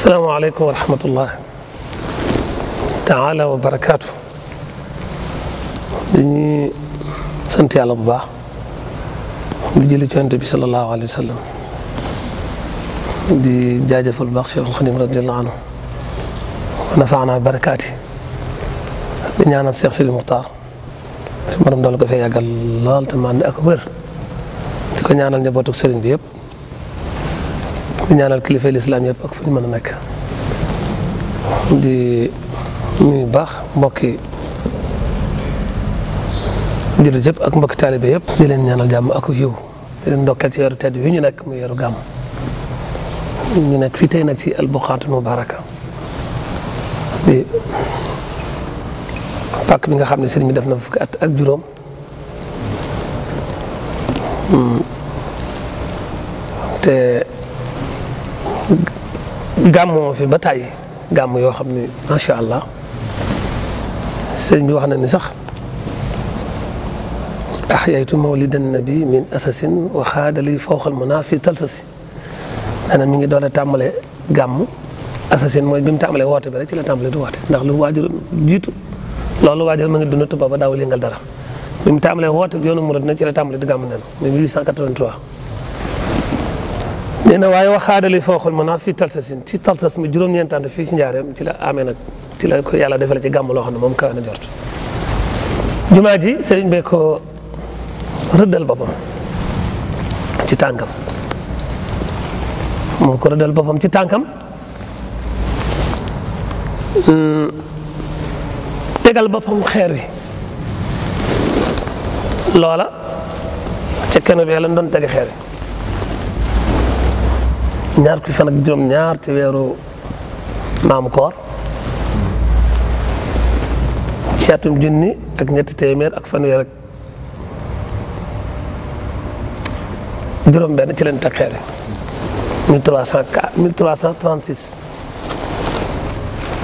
salaamaaleykum wa rahmatullah taala wa barakaatu dañuy sant yàlla bu baax di jëli ci yonent bi sallallahu alayhi wa sallam di jaajëfal bu baax Cheikhul Xadim radiallahu anhu wa nafaana barakaati di ñaanal Cheikh Sidi Muxtaar si borom dool ko fee yàggal lool te man di ak wér di ko ñaanal njabootu sëriñ bi yëpp di ñaanal kilifay lislaam yëpp ak fu ñu mën a nekk di nuyu baax mbokki jullit yëpp ak mbokki taalibe yëpp di leen ñaanal jàmm ak yiw di leen ndokkeel ci weeru tedd ñu nekk muy weeru gàmm ñu nekk fii tey nag ci albuqaatul mubaaraka di pàkk bi nga xam ne sëriñ bi def na fukki at ak juróom hmm. te gàmmoo fi ba tàyyi gàmm yoo xam ne macha allah sëñ bi wax na ni sax axyaytu mawlidan nabi min asasin wa xaadali fawxal mana fi talsasi nee na mi ngi doole tàmbale gàmm asasin mooy bi mu tàmbalee woote bi rek ci la tàmbalee du woote ndax lu waajur jiitu loolu waajur ma ngi dund tubaab ba daaw li ngal dara bi mu tàmbalee woote bi yoonu murid nag ci la tàmbalee di gàmm nen 1883 nee na waaye waxaadali fooxul ma naa fi talsasin ci talsas mu juróom-ñeent ànd fii ci njaareem ci la amee nag ci la ko yàlla defale ci gàmm loo xam ne moom kawe na jort jumaa ji sëriñ bee ko rëddal boppam ci tànkam ko rëddal boppam ci tànkam mm, tegal boppam xeer wi loola ca keno bi yàlla doon tege xeer ñaar fukki fan ak juróom-ñaar ci weeru maamu koor ci atum junni ak ñetti téeméer ak fanweer ak juróom-benn ci leen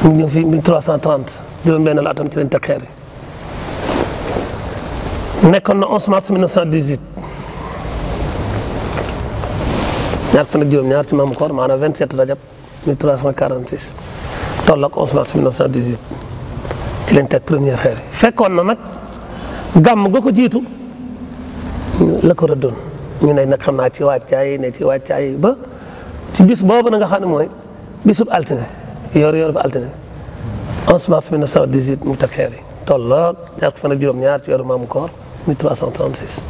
ñu ngi fi 1330 juróom-benn la atam ci leen taxeere nekkoon na 11 mars 1918. ñaar fan ak juróom-ñaar ci maamu koor maanaam 27 rajab 1346 tolloog 11 mars 1918 ci lañ teg première xeer yi fekkoon na nag gàmm ga ko jiitu la ko rëddoon ñu ne nag xam naa ci wàccaay ne ci wàccaay ba ci bis boobu na nga xam ne mooy bisub altine yor yor bu altine 11 mars 1918 mu teg xeer yi tolloog ñaar fan ak juróom-ñaar ci weeru maamu koor 1336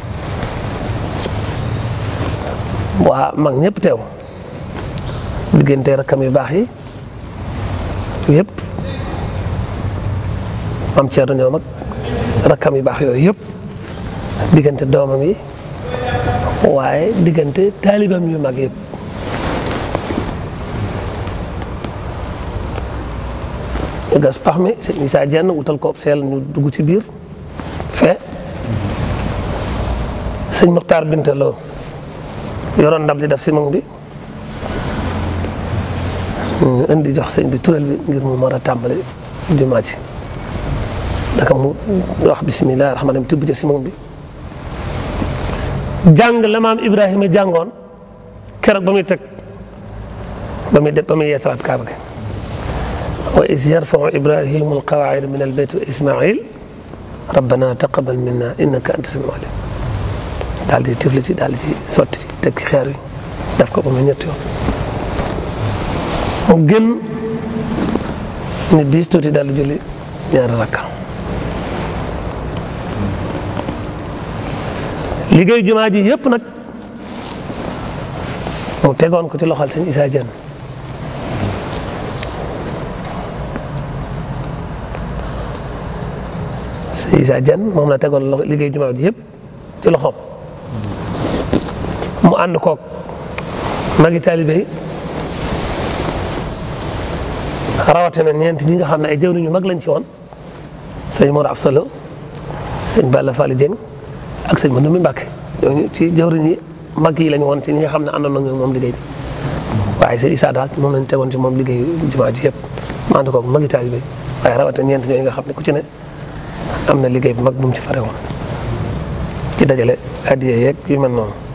waa mag ñëpp teew diggante rakkam yu baax yi yëpp mam ceerno ñoom ak rakkam yu baax yooyu yëpp diggante doomam yi waaye diggante taalibam yu mag yëpp ñu gas pax mi sëñ Isaa Jenn wutal ko seel ñu dugg ci biir fe sëñ Muxtaar Binta Lo yoroon ndab li def simon bi indi jox sëñ bi tural bi ngir mu mën a tàmbali jumaa ji daka mu wax bisimilah rahmaani rahim tibb simon bi jàng la maam Ibrahima jàngoon ba muy teg ba muy ba kaaba gi wa is yarfau Ibrahima alqawaida min albayt wa Ismail rabbana taqabal minna innaka anta samiu alim daal di tifli ci daal di sotti tekki ci xeer bi def ko ba mu ñetti mu gën ne diis tuuti daal di julli ñaari rakka liggéey jumaa ji yëpp nag mu tegoon ko ci loxol sëñ Issa Diène sëñ Issa Diène moom la tegoon liggéey jumaa yëpp ci loxoom mu ànd koog magi taalibe yi rawatina ñeent ñi nga xam ne ay jëwriñ yu mag lañ ci woon sëñ Mor Afsa Lo sëñ Balla Fall Dieng ak sëñ Mandoumbé Mbacke ñooñu ci jëwriñ yi mag yi lañ woon ci ñi nga xam ne àndoon nañu moom liggéey bi waaye sëñ Issa daal moom lañ tegoon ci moom liggéey jumaa ji yëpp mu ànd koog magi taalibe yi nga xam ne ku ci am na liggéey bu mag bu ci fare woon ci dajale addiya yeeg yu mel noonu.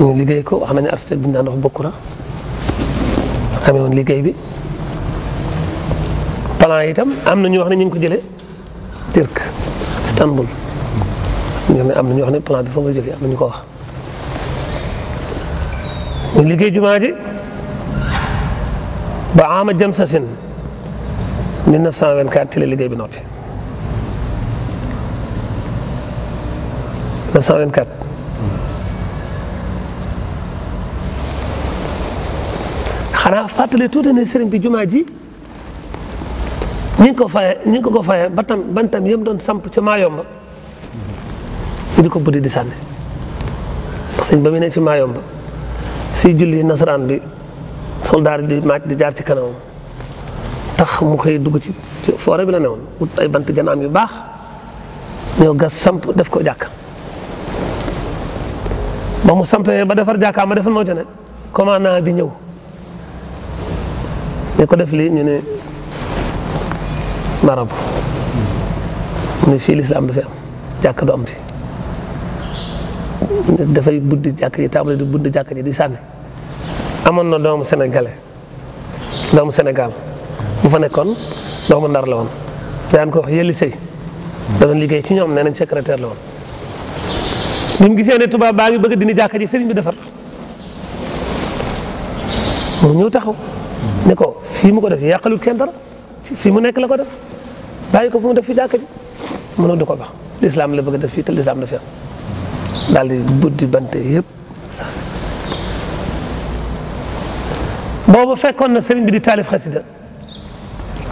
ñu liggéey ko xam ne architecte bi ñu daan wax liggéey bi plan itam am na ñu wax ne ñu ko jële Turc Istanbul ñu am na ñu wax ne plan bi fa nga jëlee am na ñu ko wax ñu liggéey jumaa ji ba ama jam sa sin 1924 ci la liggéey bi noppi 1924 xanaa fàttali tuuti ne sëriñ bi jumaa ji ñi ko faye ñi ngi ko ko faye batam bantam yëpp doon samp ca maayomba ñu di ko buddi di sànni parce que ba mu si julli nasaraan bi soldaar di di jaar ci kanamam tax mu xëy dugg ci foore bi la newoon ay bant janaam yu baax ñoo gas samp def ko jàkk ba mu sampee ba defar jàkkaam ba defar moo ca ne commandant bi ñëw li ko def lii ñu ne marabu mu ne fii lislaam du fi am jàkk du am fi dafay buddi jàkk ji tàmbali di buddi ji di sànni amoon na doomu sénégalais doomu senegal bu fa nekkoon doomu nar la woon daan ko wax yëlli sëy liggéey ci ñoom nee nañ secrétaire la woon gisee ne tubaab baa ngi bëgg dina jàkk ji sëriñ bi defar mu ñëw taxaw niko ko fii mu ko def yàqalul kenn dara fii mu nekk la ko def bàyyi ko fu mu def fi jàkk ji mënoo du ko bax lislaam la bëgg def fii te lislaam daf buddi bante yëpp boobu fekkoon na sëriñ bi di taalif xasida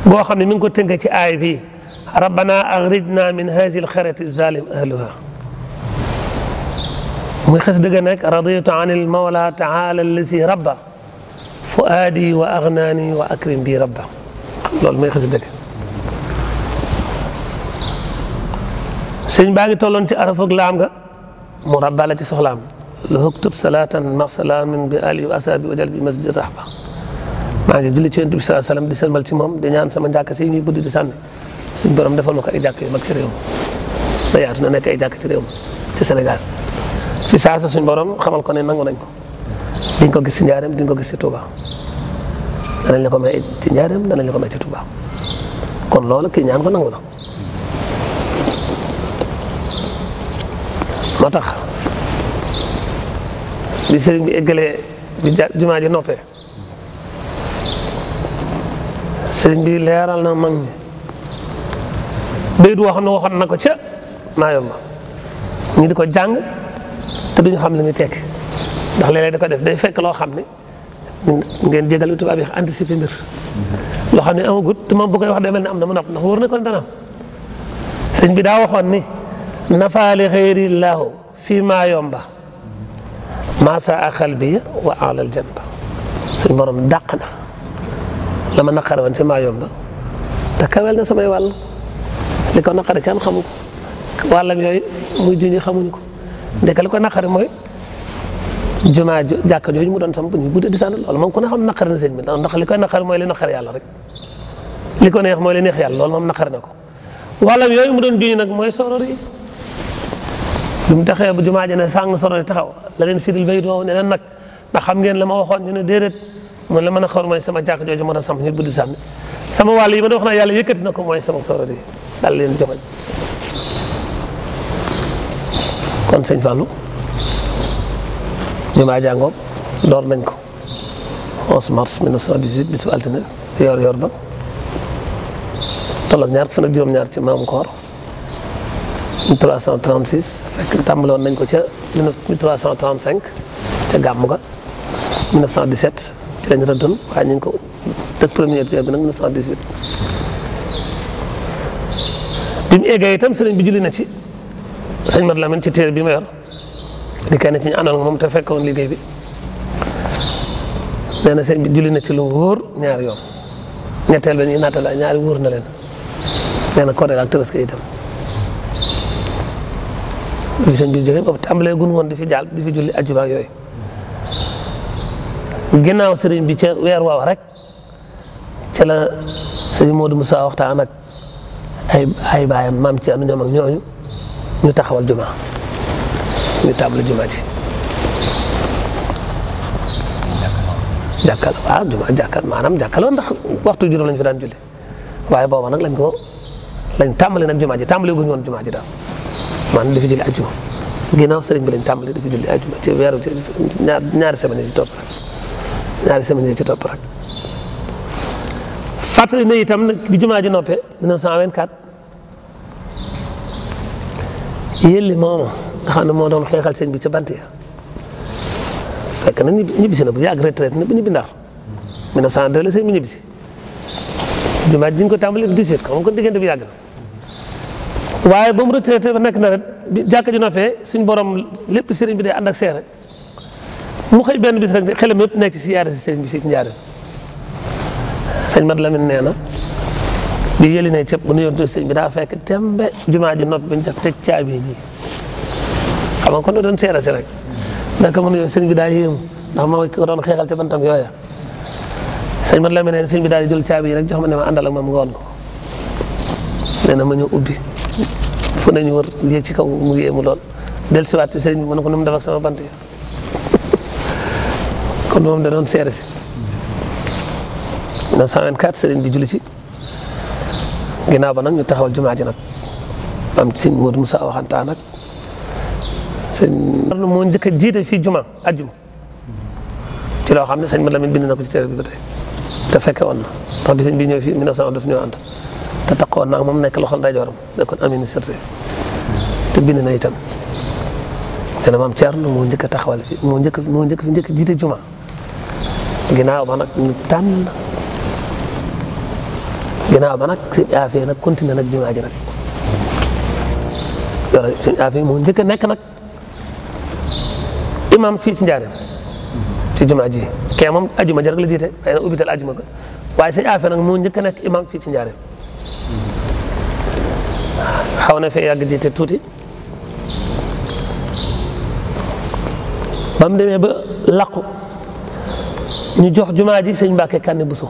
boo xam ne mi ngi ko tënkee ci aay bi rabbana axrijna min hazi lxarati zalim ahluha muy xasida nekk raditu an il mawla taala allazi rabba fuaadi wa agnaani wa akrim bii rabba loolu mooy xasida gi baa ngi tolloon ci araf ak laam nga mu rabba la ci soxlaam lu huktub salaatan ma salaamin bi ali wa asaabi wajal bi masjid rahba maa ngi julli ci yonent bi saa salaam di sëlmal ci moom di ñaan sama njàkk si ñuy buddi di sànni suñ borom defal ma ko ay jàkk yu mag ci réew mi da jàkk ci réew mi ci Sénégal fi borom xamal ko ne nangu nañ ko di nga ko gis ci njaareem di nga ko gis ci Touba danañ la ko may ci njaareem danañ la ko may ci Touba kon loolu kii ñaan ko nangu la moo tax bi sëriñ bi eggalee bi jumaa ji noppee sëriñ bi leeral na mag ñi bayit waxoon na waxoon na ko ca maa yomba ñu di ko jàng te duñu xam li muy tekki ndax léeg-léeg da ko def day fekk loo xam ne ngeen jégal bi tubaab yi anticiper mbir loo xam ne amagut te moom bu koy wax day mel ni am na mu nopp ndax wóor na kon dana am sëñ bi daa waxoon ni nafaali xëyrillahu fii maa yomba maasa a xalbi wa alal jamba suñ borom na la woon si maa yomba samay wàll li ko naqare kenn yooyu muy junj ko ndeke li ko naqare mooy jumaa jàkka jooju mu doon samp nii bu dee di sànni loolu moom ku ne xam na sëñ bi ndax li koy naqar mooy li naqar yàlla rek li ko neex mooy li neex yàlla loolu moom naqar na ko wàllam yooyu mu doon juñu nag mooy soror yi bi mu taxee bu jumaa ji ne sàng soror yi taxaw la leen firil bay doo ne leen na ndax xam ngeen la ma waxoon ñu ne déedéet mun la mën a mooy sama jàkka jooju ma doon samp ñu buddi sànni sama wàll yi ma doon wax naa yàlla na ko mooy sama soror yi daal leen joxoñ kon sëñ Fallou jumaa jàngoog door nañ ko 11 mars 1918 bisu altine yor yor ba tolloog ñaar fan ak juróom-ñaar ci maamu koor 1336 fekk tàmbaloon nañ ko ca 1335 ca gàmm ga 1917 ci lañ rëddoon waaye ñu ko teg premier pierre bi nag 1918 bi mu eggee itam sëriñ bi julli na ci sëñ Mat Lamin ci téere bi ma yor di kenn ci ñu àndoon moom te fekkoon liggéey bi nee na julli na ci lu wóor ñaari yoon ñetteel ba ñuy nattala ñaari wóor na leen nee na Korite ak itam. bi sëñ bi jógee boobu tàmbalee gun woon di fi jàll di fi julli ajjuma ak yooyu ginnaaw sëriñ bi ca weer waaw rek ca la sëñ Modou Moussa waxtaan ak ay ay baayam maam ci anu ñoom ak ñooñu ñu taxawal juma. ñu tàmbali jumaa ji jàkkal waaw ah, jumaa jàkkal maanaam jàkkaloo ndax waxtu juróom lañ fi daan julli waaye booba nag lañ ko lañ tàmbali nag jumaa ji tàmbali guñu woon jumaa ji daal maanaam di fi julli ajjuma ginnaaw sëriñ bi lañ tàmbali di fi julli ajjuma ci weeru ci ñaari semaine yi ci topp rek ñaari semaine ci topp rek fàttali na itam nag bi jumaa ji noppee 1924 yëlli mooma nga xam ne moo doon xeexal sëñ bi ca bant ya fekk na ñibbisi na bu yàgg retraite na bu ñibbi ndar 1902 la sëñ bi ñibbisi jumaa ji ñu ko tàmbali 18 xam nga ko diggante bi yàgg na waaye ba mu retraité ba nekk na ret bi jàkka ji noppee suñ borom lépp sëriñ bi day ànd ak seere mu benn bis rek xelam yëpp nekk si sëriñ bi si njaare sëñ Mat Lamine nee na bi yëli ne cëpp bu nuyoon sëñ bi daa fekk tembe jumaa ji noppi bañ def teg caabi ji xam nga doon seera si rek naka mën yow sëñ bi daa yéemu ndax moo ko doon xeexal ci bantam sëñ bi daal jël caabi yi rek jox ma ne ma àndal ak moom ngoon na ma ñëw ubbi fu nañu wër ci kaw mu yéemu lool dellusiwaat ci sëñ bi ne ko nu mu def ak sama bant yi kon moom da doon seere si 1924 sëriñ bi julli ci ginnaaw ba nag ñu taxawal jumaa ji nag am sëñ Modou Moussa waxantaan nag sëñ Arnaud moo njëkk a fi fii juma ajjuma ci loo xam ne sëñ Malamine bind na ko bi ba te fekke woon na ndax bi sëñ bi ñëw fii 1911 daf ñoo te taxawoon na ak moom nekk loxol ndeyjooram nekkoon Aminu Sirte te bind na itam nee na maam Thierno moo njëkk a taxawal fii moo njëkk moo njëkk fi njëkk jiite juma ginnaaw ba nag ñu tànn ba nag sëñ Afia nag continué nag jumaa ji nag yore sëñ Afia moo njëkk nekk nag. imam fii ci njaareem ci ji kee moom ajuma jarag la jiite xëy na ubbital ajuma waaye sëñ Afia nag moo njëkk a nekk imam fii ci njaareem xaw na fee yàgg jiite tuuti ba mu demee ba làqu ñu jox jumaa ji sëñ Mbàkke Kanni Buso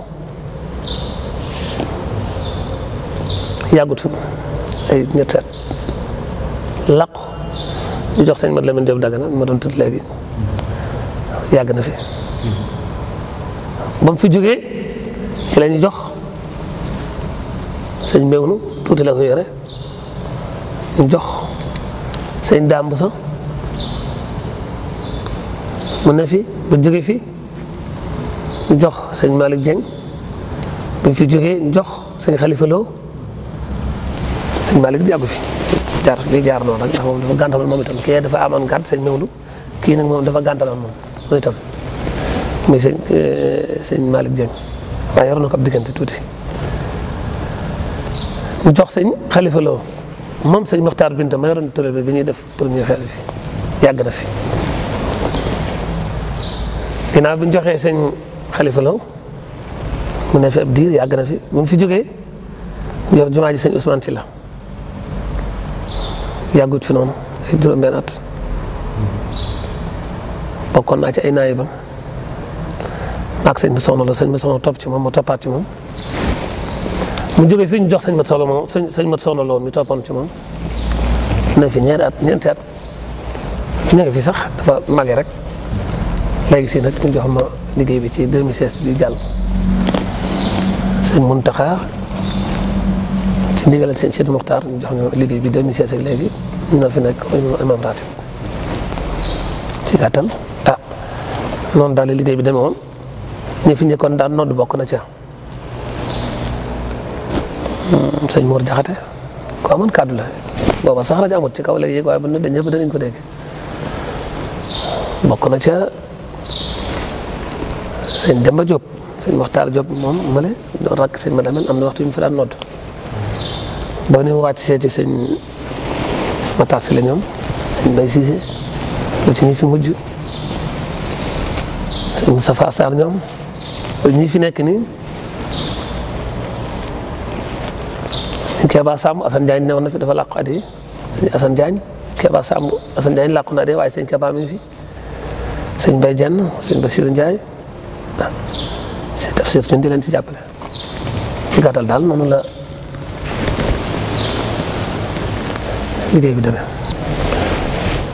yàggutu ay ñett làqu ñu jox sëñ Mate Lamine Diop Dagana ma doon tudd léegi yàgg na fi ba mu fi jógee ci la ñu jox sëñ Mewnu tuuti la ko yore ñu jox sëñ Dame Boussa mu ne fi ba jógee fi ñu jox sëñ Malick Dieng ba mu fi jógee njox jox sëñ Khalifa Lo sëñ Malick jàggu fi. jaar day jaar noonu rek ndax dafa gàntaloon moom itam kii dafa amoon gàtt sëñ Mawlu kii nag moom dafa gàntaloon moom loolu itam muy sëñ sëñ Malick Dieng waaye yor na ko ab diggante tuuti. mu jox sañ Xalifa Lo moom sëñ Mokhtar Binta ma yoroon tërël bi ñuy def premier xel bi yàgg na fi ginnaaw bi ñu joxee sëñ Xalifa Lo mu ne fi ab diir yàgg na fi bu fi jógee yor jumaa ji sëñ yàggut fi noonu ay juróom-benn at bokkoon naa ci ay naayibam ak sëñ bi soxla la sëñ bi soxna topp ci moom ma toppaat ci moom mu jógee fii ñu jox sëñ mat soxna moom sëñ sëñ mat soxna la woon mi toppoon ci moom na fi ñeenti at ñeenti at ñu ngi fi sax dafa màgge rek léegi si nag ñu jox ma liggéey bi ci 2016 bi jàll sëñ Muntaxa ci ndigalal seen Cheikh Mokhtar jox ñu liggéey bi 2016 ak léegi ñu noo fi nekk imam ratib ci gàttal ah noonu daal liggéey bi demee woon ñi fi njëkkoon daan nodd bokk na ca hmm, sëñ Mor Jaxate ko amoon kàddu la booba sax rajo ci kaw la yéeg waaye bu ñu dañ ñëpp danañ ko dégg bokk na ca sëñ Demba Diop sëñ Mokhtar job moom ma ne doon rakk ma Madamel am na waxtu yu mu fi daan nodd ba ni se wàcc seeti sëñ ñoom sëñ Bay Siise ba ci ñi mujj sëñ Moustapha Sarr ñoom ba ñi fi nekk nii sëñ Keba Samb Assane Diagne newoon na fi dafa làqu at yi sëñ Assane Diagne Keba Samb Assane Diagne na at yi waaye sëñ Keba mi ngi fi sëñ Bay Jenn sëñ Basiru Ndiaye ah si tafsir ñun di leen ci jàppale ci gàttal daal noonu la. liggéey bi demee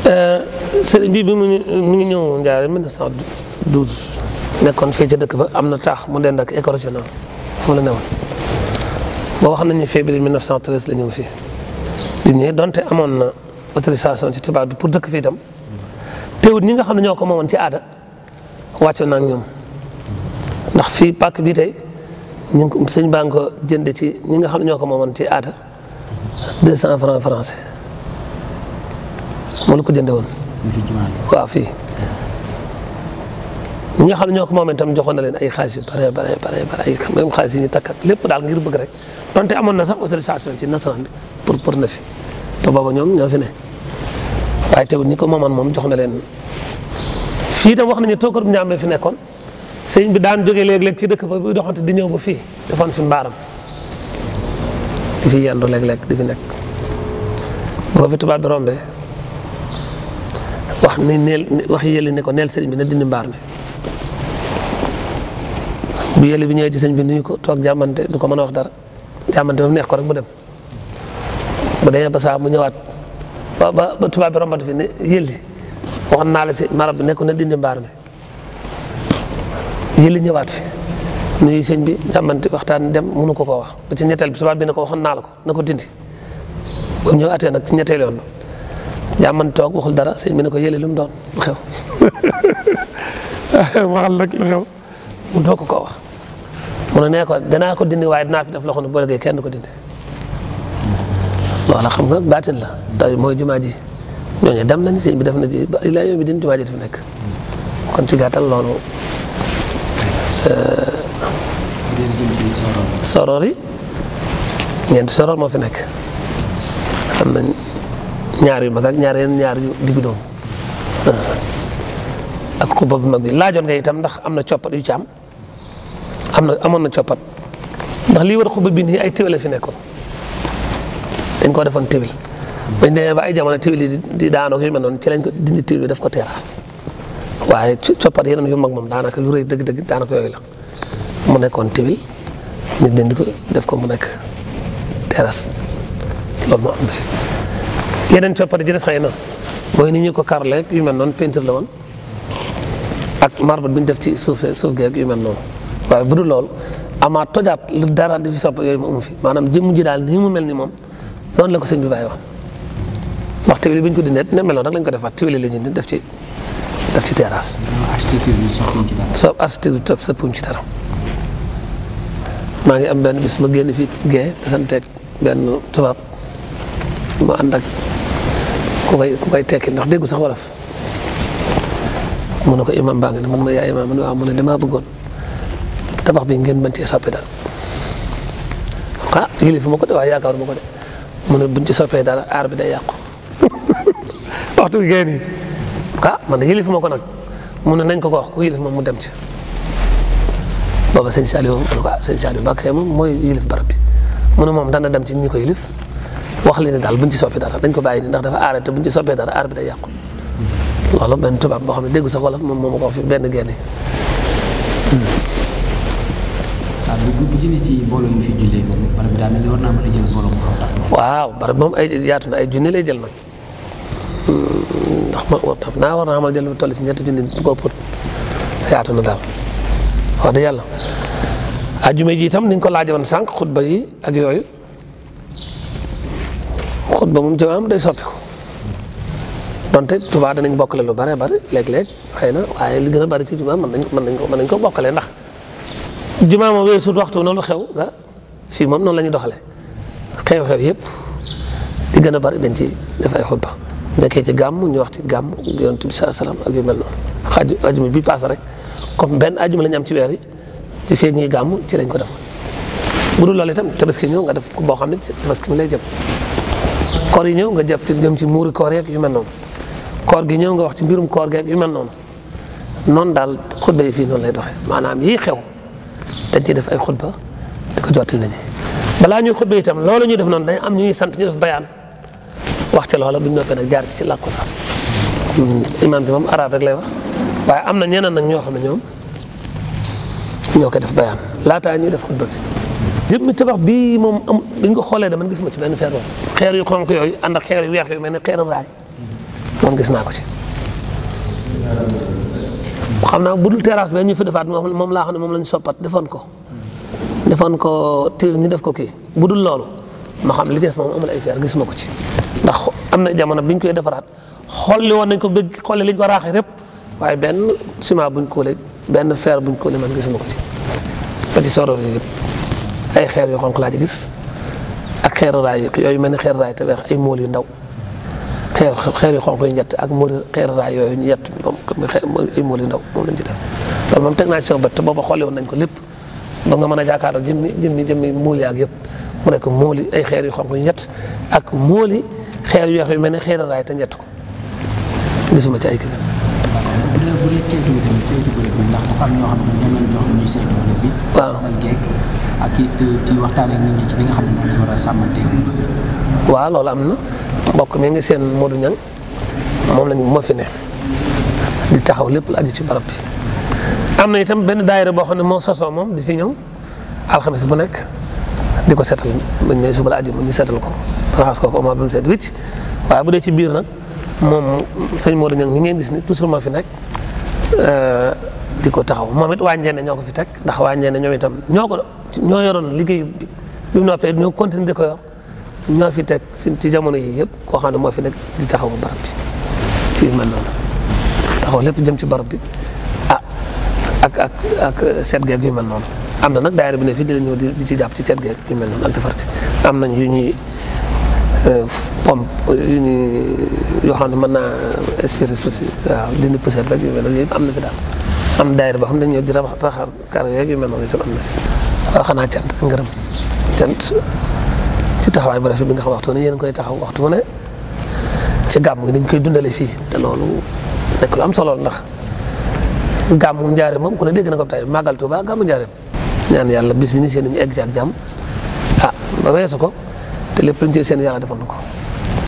euh, sëriñ bi bi mu ngi mu ngi ñëw Ndiarène 1912 nekkoon fii ca dëkk ba am na taax mu dend ak école régionale foofu la newoon. boo wax nañu février 1913 la ñëw fii bi ñëwee donte amoon na autorisation ci tubaab bi pour dëkk fii tam teewut ñi nga xam ne ñoo ko moomoon ci aada wàccoon na ñoom ndax fii pàkk bii tey ñu ngi ko sëñ baa ngi ci ñi nga xam ne ñoo ko moomoon ci aada 200 francs français. moo la ko jëndee woon. waaw fii. ñi nga xam ne ñoo ko moom itam joxoon na leen ay xaalis yu bare bare bare bare ay même xaalis yi ñu takkat lépp daal ngir bëgg rek donte amoon na sax autorisation ci nasaraan bi pour pour na fi te booba ñoom ñoo fi ne waaye teewul ñi ko moomoon moom jox na leen fii itam wax nañu tookar bu ñaam fi nekkoon sëñ bi daan jógee léeg-léeg ci dëkk ba buy doxante di ñëw ba fii defoon fi mbaaram di fi yendu léeg-léeg di fi nekk boo fi tubaab bi rombee wax ne neel wax yële ne ko neel sëriñ bi na dindi mbaar mi bi ñëwee ci sëriñ bi nuyu ko toog jàmmante du ko mën a wax dara jàmmante moom neex ko rek mu dem bu demee ba saa mu ñëwaat ba ba tubaab bi rombatu fi ne yëlli waxoon naa la si marab bi nekku na dindi mbaar mi yëlli ñëwaat fi nuyu sëñ bi jàmmante waxtaan dem mënu ko koo wax ba ci ñetteel bi tubaab bi ne ko waxoon naa ko na ko dindi ba mu ñëwaatee nag ci ñetteel yoon yaa man toog waxul dara sëñ bi ne ko yële lu mu doon lu xew mu doo ko koo wax ne ko danaa ko dindi waaye dinaa fi def loxo ne boole kenn ko dindi loola xam nga baatin la tey mooy jumaa ji ñooñu dem nañ sëñ bi def na ji ilaa yoomi din jumaa ji dafa nekk kon ci gàttal loolu euh, soror yi ñeenti soror moo fi nekk xam nañ ñaar yu mag ak ñaar ñaar yu diggu doom ah. ak kubba bu mag bi laajoon nga itam ndax am na coppat yu ci am am na amoon na coppat ndax lii war xubba bi nii ay tiwel fi nekkoon dañ koo defoon tiwel bañ demee ba ay jamono tiwel di daanoo ko yu mel noonu ci lañ ko dindi tiwel def ko terrasse waaye coppat yeneen yu mag moom daanaka yu rëy dëgg-dëgg daanaka yooyu la mu nekkoon tiwel ñu dindi ko def ko mu nekk terrasse yeneen coppite ji des xëy na mooy ni ñu ko carrelé yu mel noon peinture la woon ak marbre bi ñu def ci suuf suuf geeg yu mel noonu waaye bu du lool amaat tojaat lu dara di fi soppi yooyu mu amu fi maanaam jëmm ji daal ni mu mel ni moom noonu la ko sëñ bi bàyyi woon ndax tiwili bi ñu ko dindee ne meloon rek lañ ko defaat tiwili la ñu def ci def ci terrasse. so architecture soppiwuñ ci dara. maa ngi am benn bis ma génn fi Guèye dasanteeg benn tubaab mu ànd ku koy ku koy tekki ndax déggu sax wolof mu ne ko imam baa ngi ne man ma yaa imam man waaw mu ne damaa bëggoon tabax bi ngeen mën cee soppee dara ah yilif ma ko de waaye yaakaar ma ko de mu ne buñ ci soppee dara aar bi day yàqu waxtu bi ngeen nii yilif ma ko nag mu ne nañ ko ko wax yilif moom mu dem ci booba sëñ Saliou mu ne ko ah, mooy yilif barab bi moom daan na dem ci ñi ko yilif wax leen ne daal buñ ci soppi dara dañ ko bàyyi ni ndax dafa aarate buñ ci soppee dara aar bi day yàqu loolu benn tubaab boo xam ne déggu sax wolof moom moom ko fi benn génne. waaw bu bu fi jullee moom barab bi daa mel waaw barab moom ay yaatu na ay junne lay jël nag ndax man naa war na mën jël lu toll ci ñetti junne bu ko ëppoon yaatu na daal wax dëgg yàlla. ajuma ji itam ni ñu ko laajoon sànq xutba yi ak yooyu. xutba moom jëwaam day soppi ko donte Tuubaa danañ bokkale lu bare bari léeg-léeg xëy na waaye li gën a bari ci jumaa mën nañ mën nañ ko mën nañ ko bokkale ndax jumaa moom weesut waxtu na lu xew nga fii moom noonu la ñuy doxale xew-xew yëpp di gën a bari dañ ci def ay xutba nekkee ci gàmm ñu wax ci gàmm yonent bi saa salaam ak yu mel noonu xaaju bi paase rek comme benn ajuma la ñu am ci weer yi ci feeg ñuy gàmm ci lañ ko def bu dul loolu itam tabaski ñëw nga def ko boo xam ne tabaski mi lay jëm koor yi ñëw nga jëf ci jëm ci muuri koor yeeg yu mel noonu koor gi ñëw nga wax ci mbirum koor geeg yu mel noonu noonu daal xutba yi fii noonu lay doxe maanaam yii xew dañ ciy def ay xutba di ko jottali nit balaa ñuy xutba itam loolu ñuy def noonu day am ñu sant ñu def bayaan wax ci loola bu ñu noppee nag jaar ci ci làkku sax hmm, imaam bi moom arab rek lay wax waaye am na ñeneen nag ñoo xam ne ñoom ñoo ko def bayaan laataa ñuy def xutba bi jëmmi tabax bii moom am dañ ko xoolee da man gisuma ci benn feer woon xeer yu xonk yooyu ànd ak xeer yu weex yooyu mel ne xeer raay moom gis naa ko ci xam naa bu dul terrasse bee ñu fi defaat moom laa xam ne moom la ñu soppat defoon ko defoon ko tiir ñu def ko kii bu dul loolu ma xam li des moom amul ay feer gisuma ko ci ndax am na jamono bi ñu koy defaraat xolli woon nañ ko bëgg xolli li ñu ko raaxee rëpp waaye benn ciment buñ ko leen benn fer buñ ko leen man gisuma ko ci ba ci soro yëpp ay xeer yu xonq laa ci gis ak xeeru raay yooyu mel ni xeeru raay te weex yu ndaw xeer xeer yu xonq yu ñett ak mool xeeru yooyu ñett moom yu ndaw moom lañ teg naa ci ba bët te booba nañ ko lépp ba nga mën a jaakaaroo jëmmi jëmmi jëmmi mool yaak yëpp mu nekk mooli ay xeer yu xonq yu ñett ak mooli xeer yu weex yu mel ni xeeru raay te ñett ko gisuma ci ay kii bëri waxtaan ak nit ñi ci li nga xam ne moom la loolu am na mbokk mi ngi seen Modou Niang moom lañ moo fi ne di taxaw lépp lu aju ci barab bi. am na itam benn daayira boo xam ne moo sosoo moom di fi ñëw alxames bu nekk di ko seetal bañ ne suba la aju ñu seetal ko raxas ko ko seet wicc waaye bu dee ci biir nag moom sëñ Modou Niang mi ngeen gis ni toujours moo fi nekk. di ko taxaw moom it waa Njenne ñoo ko fi teg ndax waa Njenne ñoo itam ñoo ko ñoo yoroon liggéey bi bi mu noppee ñoo continuer di ko ñoo fi teg ci jamono yi yëpp koo xam ne moo fi nekk di taxaw barab bi ci mën noonu taxaw lépp jëm ci barab bi ah ak ak ak seet geeg yu mel noonu am na nag daayira bi ne fii di la ñëw di di ci jàpp ci seet geeg yu mel noonu ak defar am nañ yu ñuy euh, pompe yu ñuy yoo xam ne mën naa espérer suuf si waaw dindi poussière rek yëpp am na fi daal am daayira boo xam ne dañoo di raxar kar yeeg yu mel noonu itam am na xanaa cant ak ngërëm cant taxawaay bu rafet bi nga xam waxtu ne yéen koy taxaw waxtu ne ci gàmm gi dañ koy dundale fii te loolu nekk am solo ndax gàmmu njaare moom ku ne dégg na ko tey màggal Tuuba gàmmu njaare ñaan yàlla bis bi ni seen ñu egg ci jàmm ah ba weesu ko te lépp luñ ci seen yàlla defal na ko